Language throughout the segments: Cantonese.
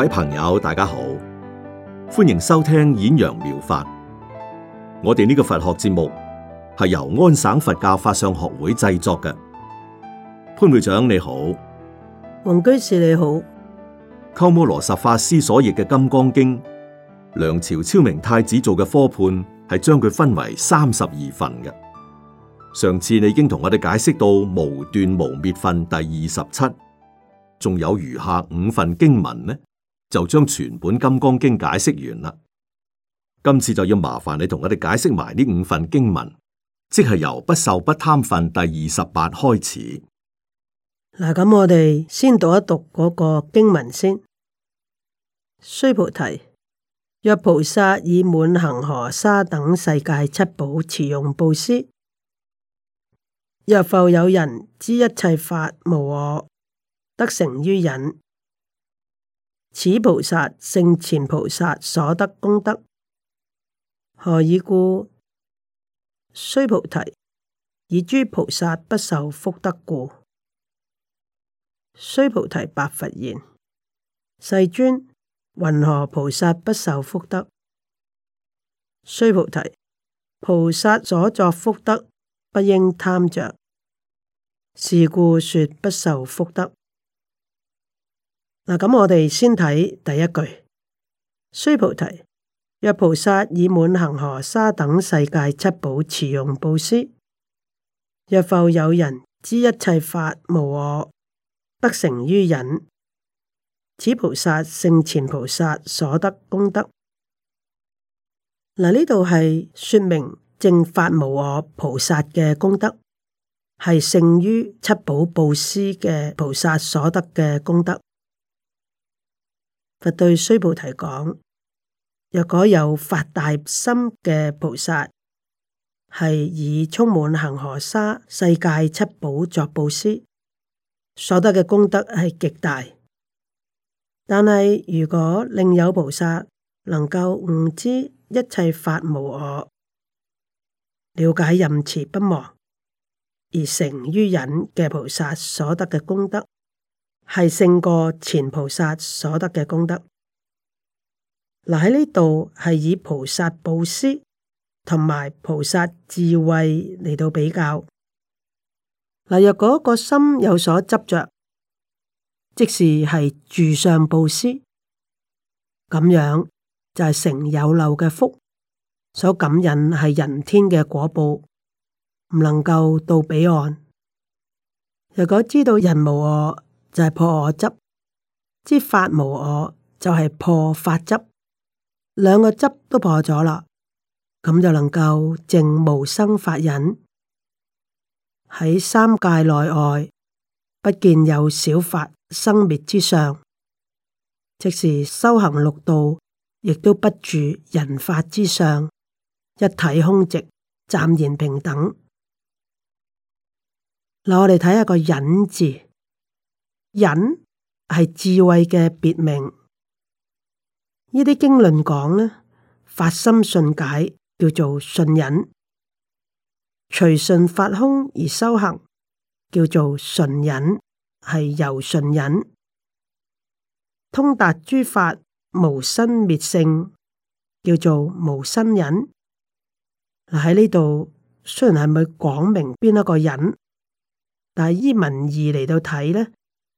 各位朋友，大家好，歡迎收聽演揚妙法。我哋呢個佛學節目係由安省佛教法相學會製作嘅。潘會長你好，王居士你好。鳩摩羅什法師所譯嘅《金剛經》，梁朝超明太子做嘅科判係將佢分為三十二份嘅。上次你已經同我哋解釋到無斷無滅分第二十七，仲有餘下五份經文呢？就將全本金剛經解釋完啦。今次就要麻煩你同我哋解釋埋呢五份經文，即係由不受不貪分第二十八開始。嗱，咁我哋先讀一讀嗰個經文先。須菩提，若菩薩以滿恆河沙等世界七寶持用布施，若復有人知一切法無我，得成於忍。此菩薩勝前菩薩所得功德，何以故？須菩提，以諸菩薩不受福德故。須菩提，白佛言：世尊，云何菩薩不受福德？須菩提，菩薩所作福德，不應貪着，是故說不受福德。嗱，咁我哋先睇第一句。須菩提，若菩薩以滿恒河沙等世界七寶持用布施，若復有人知一切法無我，得成於忍，此菩薩勝前菩薩所得功德。嗱，呢度係說明正法無我菩薩嘅功德，係勝於七寶布施嘅菩薩所得嘅功德。佛對須菩提講：若果有發大心嘅菩薩，係以充滿恒河沙世界七寶作布施，所得嘅功德係極大。但係如果另有菩薩能夠悟知一切法無我，了解任持不忘而成於忍嘅菩薩，所得嘅功德。係勝過前菩薩所得嘅功德。嗱，喺呢度係以菩薩布施同埋菩薩智慧嚟到比較。嗱，若果個心有所執着，即是係住上布施，咁樣就係成有漏嘅福，所感應係人天嘅果報，唔能夠到彼岸。若果知道人無我。就係破我執，即法無我，就係、是、破法執，兩個執都破咗啦，咁就能夠證無生法忍，喺三界內外不見有小法生滅之相，即是修行六道，亦都不住人法之相，一體空寂，暫然平等。嗱，我哋睇下個忍字。忍係智慧嘅別名，論講呢啲經論講咧，發心信解叫做信忍，隨順法空而修行叫做順忍，係柔順忍，通達諸法無生滅性叫做無生忍。喺呢度雖然係咪講明邊一個忍，但係依文義嚟到睇呢。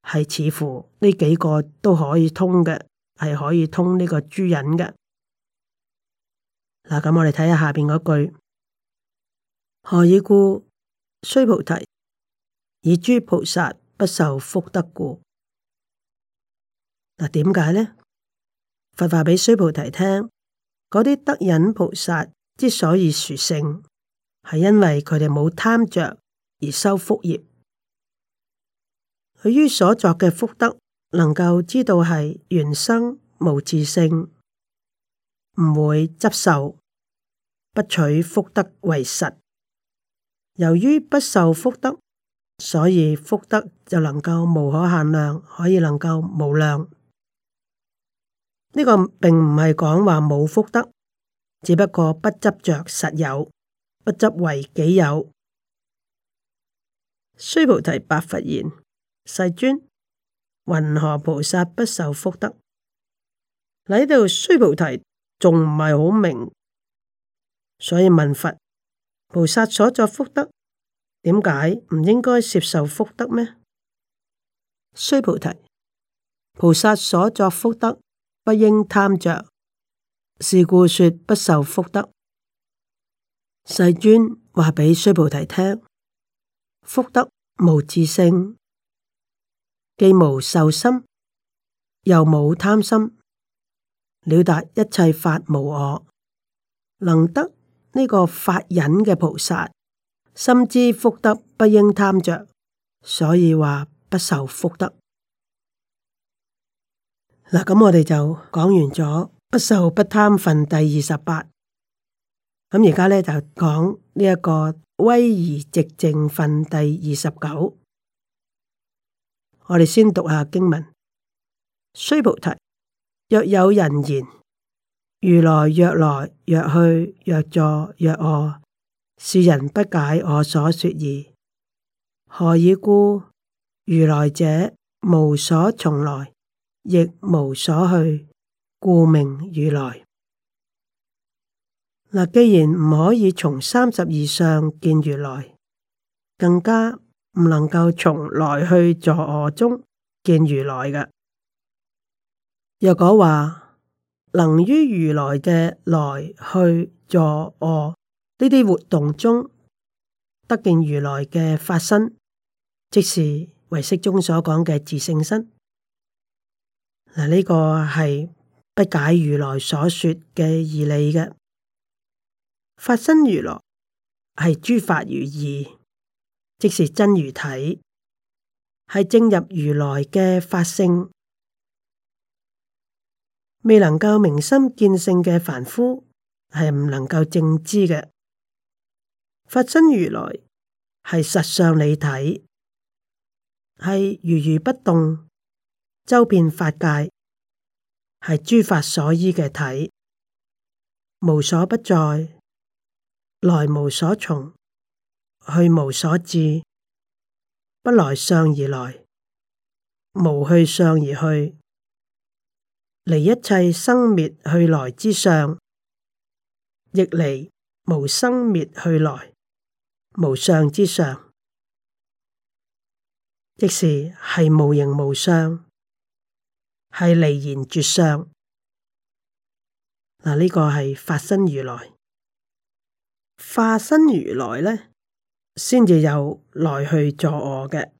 係似乎呢幾個都可以通嘅，係可以通呢個諸引嘅。嗱，咁我哋睇下下邊嗰句，何以故？須菩提，以諸菩薩不受福德故。嗱，點解呢？佛話畀須菩提聽，嗰啲得引菩薩之所以殊勝，係因為佢哋冇貪着而修福業。佢於所作嘅福德，能夠知道係緣生無自性，唔會執受，不取福德為實。由於不受福德，所以福德就能夠無可限量，可以能夠無量。呢個並唔係講話冇福德，只不過不執着實有，不執為己有。須菩提，白佛言。世尊，云何菩薩不受福德？嚟到，須菩提仲唔係好明，所以問佛：菩薩所作福德，點解唔應該接受福德咩？須菩提，菩薩所作福德不應貪着，是故說不受福德。世尊話俾須菩提聽：福德無智性。既無受心，又無貪心，了達一切法無我，能得呢個法忍嘅菩薩，深知福德不應貪着，所以話不受福德。嗱，咁我哋就講完咗不受不貪分第二十八，咁而家咧就講呢、這、一個威儀寂靜分，第二十九。我哋先讀下經文。須菩提，若有人言如來若來若去若坐若臥，是人不解我所說義。何以故？如來者，無所從來，亦無所去，故名如來。嗱，既然唔可以從三十二相見如來，更加。唔能夠從來去坐臥中見如來嘅。若果話能於如來嘅來去坐臥呢啲活動中得見如來嘅法身，即是唯識中所講嘅自性身。嗱，呢個係不解如來所說嘅義理嘅。法身。如來係諸法如義。即是真如體，係正入如來嘅法性，未能夠明心見性嘅凡夫係唔能夠正知嘅。法身如來係實相理體，係如如不動，周遍法界，係諸法所依嘅體，無所不在，來無所從，去無所至，不來相而來，無去相而去，離一切生滅去來之相，亦離無生滅去來無相之相，即是係無形無相，係離言絕相。嗱，呢個係化身如來，化身如來呢？先至有來去助我嘅，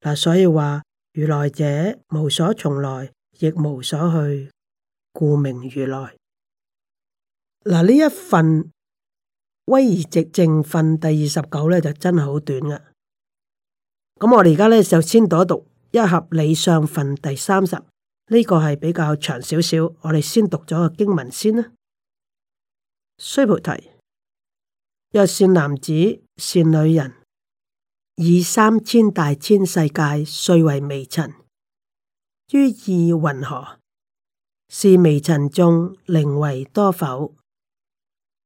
嗱、啊，所以話，如來者無所從來，亦無所去，故名如來。嗱、啊，呢一份威儀直正分第二十九咧，就真係好短啦。咁、啊、我哋而家咧就先讀一合理相分第三十，呢、這個係比較長少少，我哋先讀咗個經文先啦。須菩提。若善男子善女人，以三千大千世界碎為微塵，於意云何？是微塵眾寧為多否？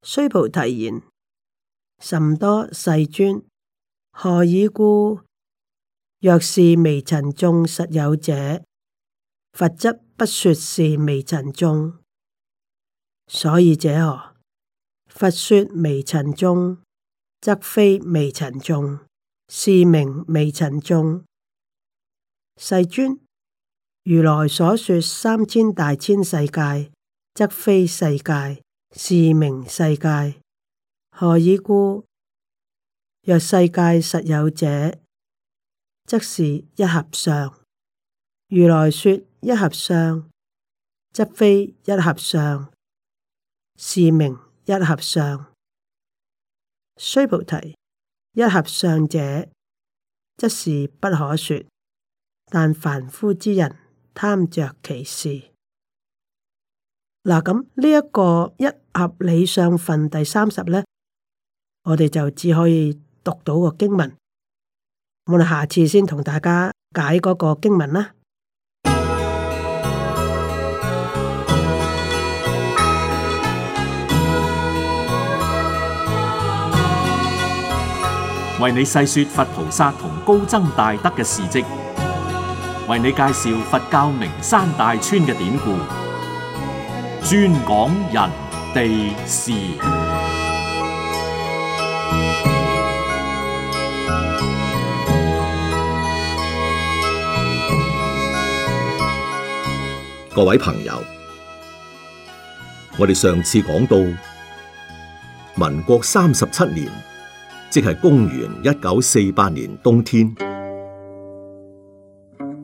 須菩提言，甚多，世尊，何以故？若是微塵眾實有者，佛則不說是微塵眾。所以者何？佛說微塵眾，則非微塵眾，是名微塵眾。世尊，如來所說三千大千世界，則非世界，是名世界。何以故？若世界實有者，則是一合相。如來說一合相，則非一合相，是名。一合相，須菩提，一合相者，則是不可說。但凡夫之人，貪着其事。嗱，咁呢一個一合理相分第三十咧，我哋就只可以讀到個經文。我哋下次先同大家解嗰個經文啦。為你細說佛菩薩同高僧大德嘅事蹟，為你介紹佛教名山大川嘅典故，專講人地事。各位朋友，我哋上次講到民國三十七年。即係公元一九四八年冬天，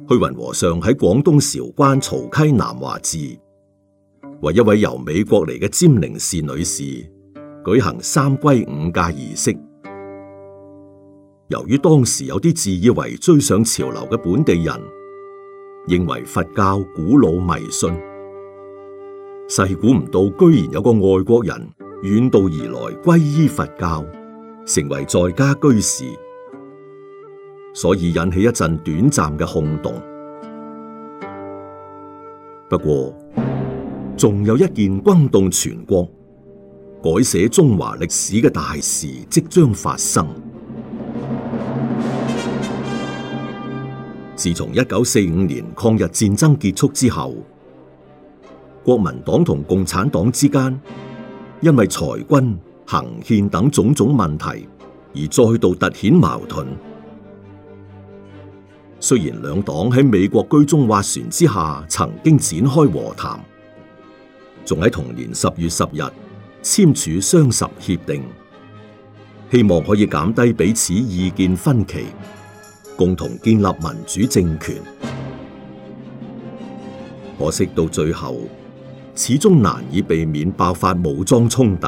虛雲和尚喺廣東韶關曹溪南華寺，為一位由美國嚟嘅占靈士女士舉行三皈五戒儀式。由於當時有啲自以為追上潮流嘅本地人，認為佛教古老迷信，細估唔到，居然有個外國人遠道而來皈依佛教。成為在家居士，所以引起一陣短暫嘅轟動。不過，仲有一件轟動全國、改寫中華歷史嘅大事即將發生。自從一九四五年抗日戰爭結束之後，國民黨同共產黨之間，因為裁軍，行憲等種種問題，而再度凸顯矛盾。雖然兩黨喺美國居中斡旋之下，曾經展開和談，仲喺同年十月十日簽署雙十協定，希望可以減低彼此意見分歧，共同建立民主政權。可惜到最後，始終難以避免爆發武裝衝突。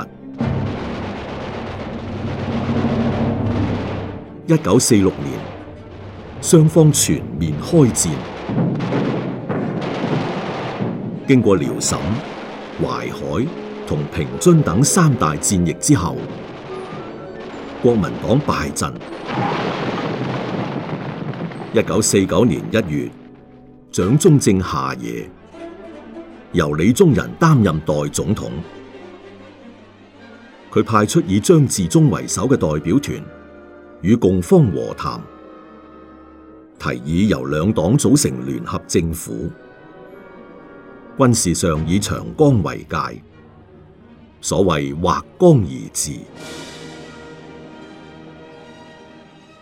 一九四六年，雙方全面開戰。經過遼瀋、淮海同平津等三大戰役之後，國民黨敗陣。一九四九年一月，蔣中正下野，由李宗仁擔任代總統。佢派出以張治中為首嘅代表團。與共方和談，提議由兩黨組成聯合政府。軍事上以長江為界，所謂劃江而治。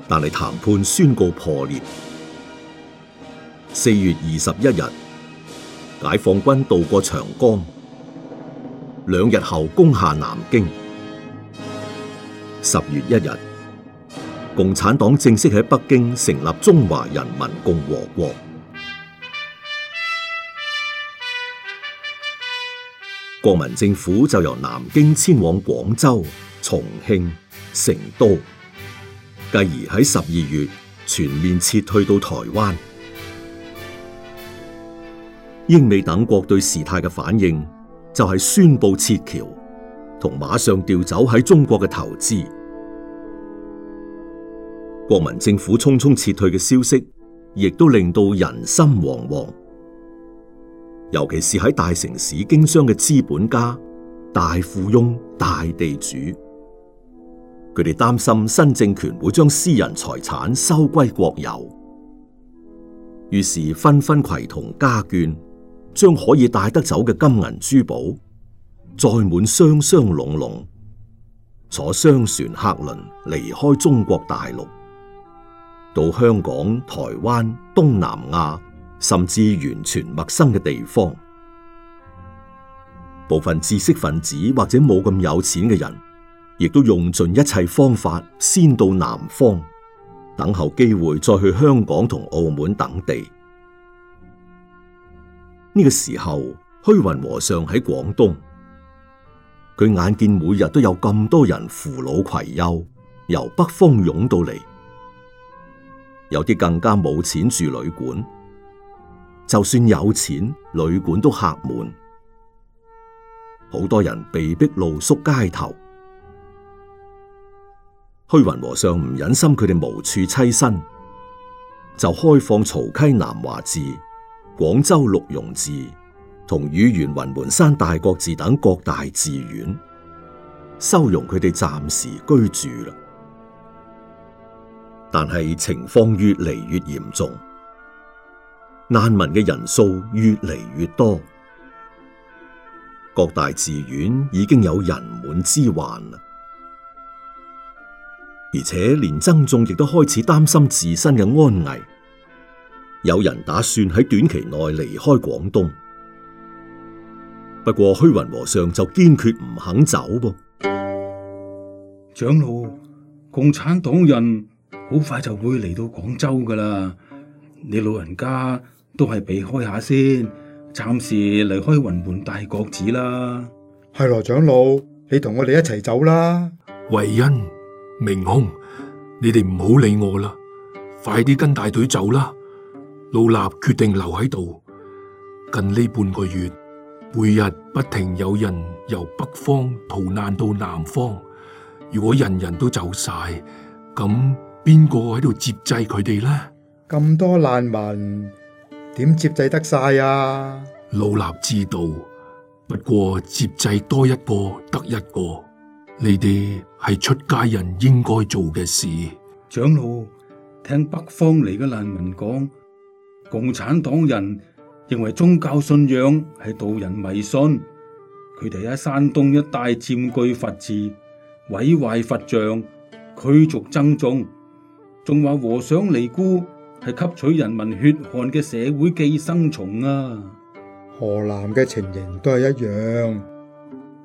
但係談判宣告破裂。四月二十一日，解放軍渡過長江，兩日後攻下南京。十月一日，共產黨正式喺北京成立中華人民共和國，國民政府就由南京遷往廣州、重慶、成都，繼而喺十二月全面撤退到台灣。英美等國對事態嘅反應，就係宣布撤僑同馬上調走喺中國嘅投資。國民政府匆匆撤退嘅消息，亦都令到人心惶惶。尤其是喺大城市經商嘅資本家、大富翁、大地主，佢哋擔心新政權會將私人財產收歸國有，於是紛紛攜同家眷，將可以帶得走嘅金銀珠寶載滿箱箱籠籠，坐商船客輪離開中國大陸。到香港、台灣、東南亞，甚至完全陌生嘅地方，部分知識分子或者冇咁有，有錢嘅人，亦都用盡一切方法，先到南方等候機會，再去香港同澳門等地。呢、這個時候，虛雲和尚喺廣東，佢眼見每日都有咁多人扶老攜幼由北方湧到嚟。有啲更加冇錢住旅館，就算有錢，旅館都客滿。好多人被逼露宿街頭。虛雲和尚唔忍心佢哋無處棲身，就開放曹溪南華寺、廣州六榕寺同乳源雲門山大覺寺等各大寺院，收容佢哋暫時居住啦。但係情況越嚟越嚴重，難民嘅人數越嚟越多，各大寺院已經有人滿之患啦，而且連僧眾亦都開始擔心自身嘅安危。有人打算喺短期內離開廣東，不過虛雲和尚就堅決唔肯走噃。長老，共產黨人。好快就會嚟到廣州噶啦，你老人家都係避開下先，暫時離開雲門大覺寺啦。係囉，長老，你同我哋一齊走啦。慧恩、明空，你哋唔好理我啦，快啲跟大隊走啦。老衲決定留喺度，近呢半個月，每日不停有人由北方逃難到南方，如果人人都走晒，咁。邊個喺度接濟佢哋咧？咁多難民點接濟得晒啊？老衲知道，不過接濟多一個得一個。你哋係出家人應該做嘅事。長老，聽北方嚟嘅難民講，共產黨人認為宗教信仰係導人迷信，佢哋喺山東一帶佔據佛寺，毀壞佛像，驅逐僧眾。仲話和尚尼姑係吸取人民血汗嘅社會寄生蟲啊！河南嘅情形都係一樣，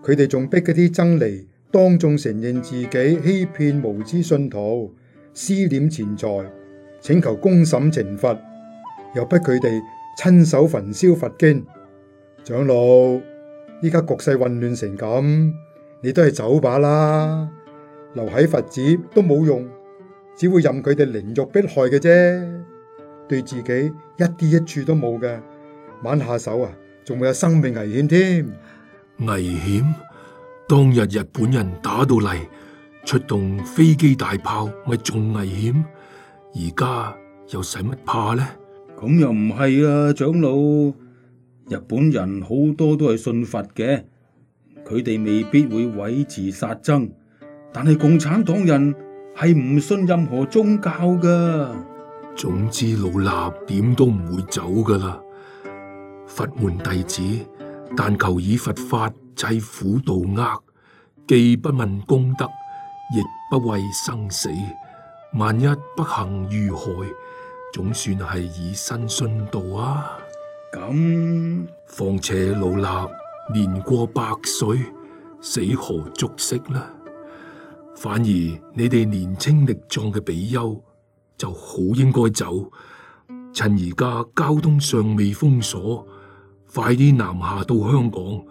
佢哋仲逼嗰啲僧尼當眾承認自己欺騙無知信徒，私斂錢財，請求公審懲罰，又逼佢哋親手焚燒佛經。長老，依家局勢混亂成咁，你都係走吧啦，留喺佛寺都冇用。只會任佢哋凌辱迫害嘅啫，對自己一啲益處都冇嘅，玩下手啊，仲會有生命危險添。危險？當日日本人打到嚟，出動飛機大炮，咪仲危險？而家又使乜怕呢？咁又唔係啦，長老，日本人好多都係信佛嘅，佢哋未必會毀寺殺僧，但係共產黨人。係唔信任何宗教噶。總之，老衲點都唔會走噶啦。佛門弟子，但求以佛法濟苦度厄，既不問功德，亦不畏生死。萬一不幸遇害，總算係以身殉道啊！咁樣，況且老衲年過百歲，死何足惜呢？反而你哋年青力壯嘅比丘就好應該走，趁而家交通尚未封鎖，快啲南下到香港，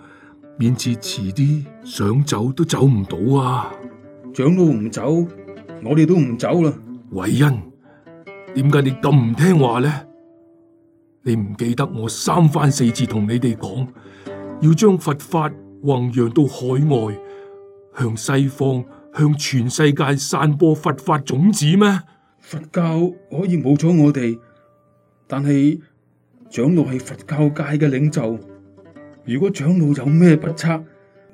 免至遲啲想走都走唔到啊！長老唔走，我哋都唔走啦。偉恩，點解你咁唔聽話呢？你唔記得我三番四次同你哋講，要將佛法弘揚到海外，向西方。向全世界散播佛法種子咩？佛教可以冇咗我哋，但係長老係佛教界嘅領袖。如果長老有咩不測，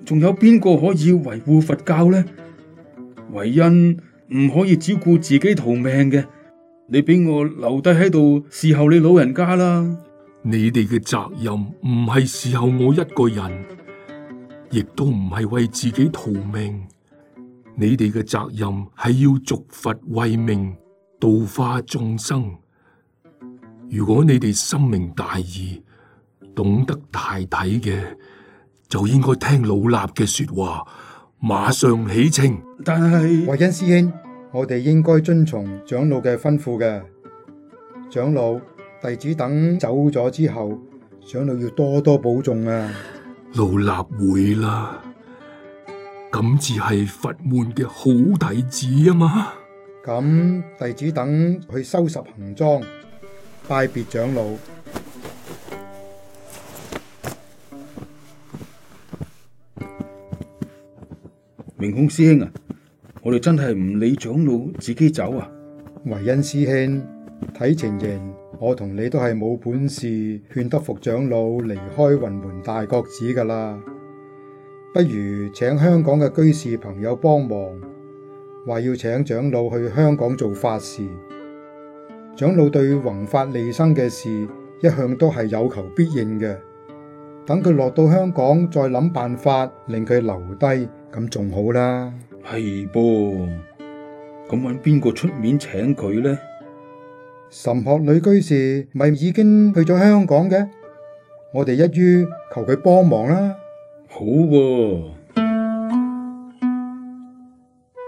仲有邊個可以維護佛教呢？唯因唔可以照顧自己逃命嘅，你俾我留低喺度伺候你老人家啦。你哋嘅責任唔係伺候我一個人，亦都唔係為自己逃命。你哋嘅責任係要續佛慧命，度化眾生。如果你哋心明大義，懂得大體嘅，就應該聽老衲嘅說話，馬上起程。但係，慧恩師兄，我哋應該遵從長老嘅吩咐嘅。長老，弟子等走咗之後，長老要多多保重啊。老衲會啦。咁至係佛門嘅好弟子啊嘛！咁弟子等去收拾行裝，拜別長老。明空師兄啊，我哋真係唔理長老自己走啊！唯因師兄睇情形，我同你都係冇本事勸得服長老離開雲門大覺寺噶啦。不如請香港嘅居士朋友幫忙，話要請長老去香港做法事。長老對宏法利生嘅事一向都係有求必應嘅，等佢落到香港再諗辦法令佢留低，咁仲好啦。係噃，咁揾邊個出面請佢呢？岑學呂居士咪已經去咗香港嘅，我哋一於求佢幫忙啦。好喎、啊，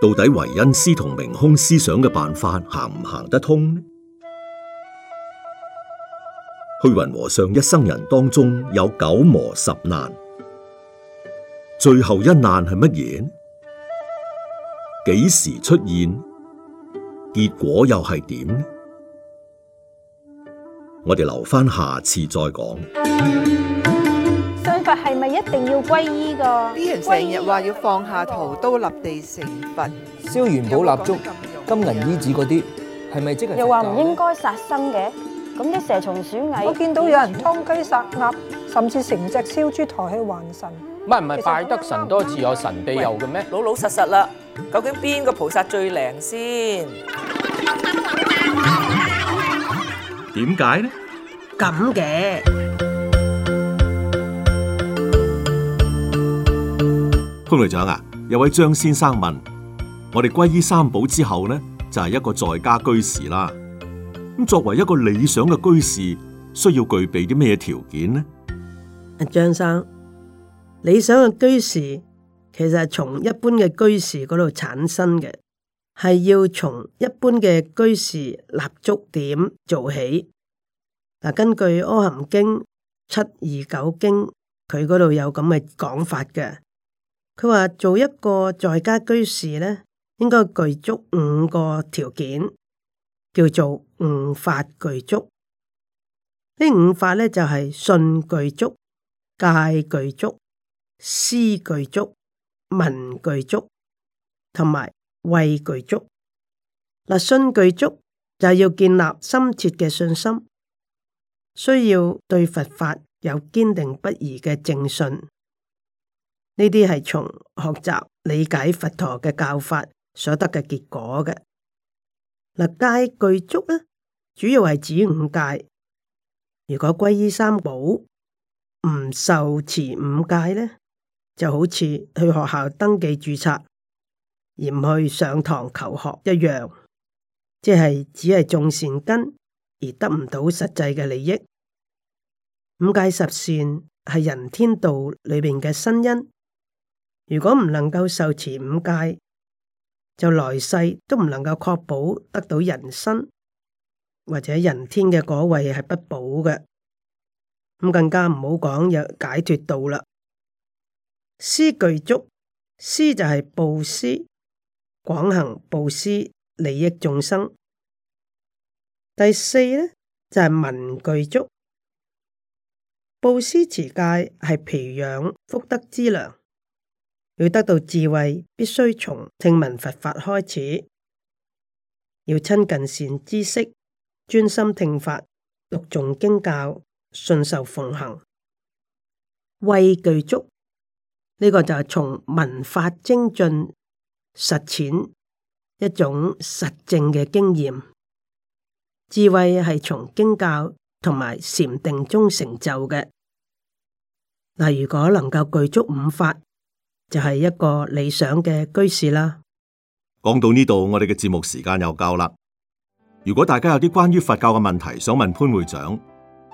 到底維恩斯同明空思想嘅辦法行唔行得通呢？虛 雲和尚一生人當中有九磨十難，最後一難係乜嘢？幾時出現？結果又係點呢？我哋留翻下，下次再講。 係咪一定要皈依噶？啲人成日話要放下屠刀立地成佛，燒元寶蠟燭、金銀衣紙嗰啲，係咪即係？又話唔應該殺生嘅，咁啲蛇蟲鼠蟻，我見到有人劏雞殺鴨，甚至成隻燒豬抬去還神。唔係唔係，拜得神多自有神庇佑嘅咩？老老實實啦，究竟邊個菩薩最靚先？點解呢？咁嘅。鐘隊長啊，有位張先生問：我哋歸依三寶之後呢，就係一個在家居士啦。咁作為一個理想嘅居士，需要具備啲咩條件呢？張生，理想嘅居士其實係從一般嘅居士嗰度產生嘅，係要從一般嘅居士立足點做起。嗱，根據《阿含經》、《七二九經》，佢嗰度有咁嘅講法嘅。佢話做一個在家居士咧，應該具足五個條件，叫做五法具足。呢五法咧就係信具足、戒具足、施具足、聞具足同埋慧具足。嗱，信具足就要建立深切嘅信心，需要對佛法有堅定不移嘅正信。呢啲係從學習理解佛陀嘅教法，所得嘅結果嘅。嗱，戒具足咧，主要係指五戒。如果歸依三寶，唔受持五戒咧，就好似去學校登記注冊而唔去上堂求學一樣，即係只係種善根而得唔到實際嘅利益。五戒十善係人天道裏邊嘅新因。如果唔能夠受持五戒，就來世都唔能夠確保得到人身，或者人天嘅果位係不保嘅。咁更加唔好講有解脫道啦。施具足，施就係佈施，廣行佈施，利益眾生。第四咧就係文具足，佈施持戒係培養福德之糧。要得到智慧，必須從聽聞佛法開始；要親近善知識，專心聽法，讀誦經教，信受奉行，慧具足。呢、這個就係從聞法精進實踐一種實證嘅經驗。智慧係從經教同埋禪定中成就嘅。嗱，如果能夠具足五法。就係一個理想嘅居士啦。講到呢度，我哋嘅節目時間又夠啦。如果大家有啲關於佛教嘅問題想問潘會長，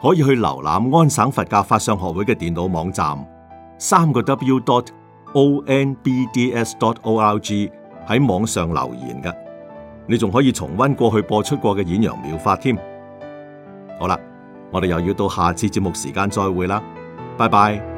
可以去瀏覽安省佛教法相學會嘅電腦網站，三個 W dot O N B D S dot O R G 喺網上留言噶。你仲可以重溫過去播出過嘅演揚妙法添。好啦，我哋又要到下次節目時間再會啦。拜拜。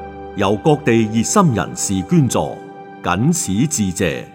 由各地熱心人士捐助，僅此致謝。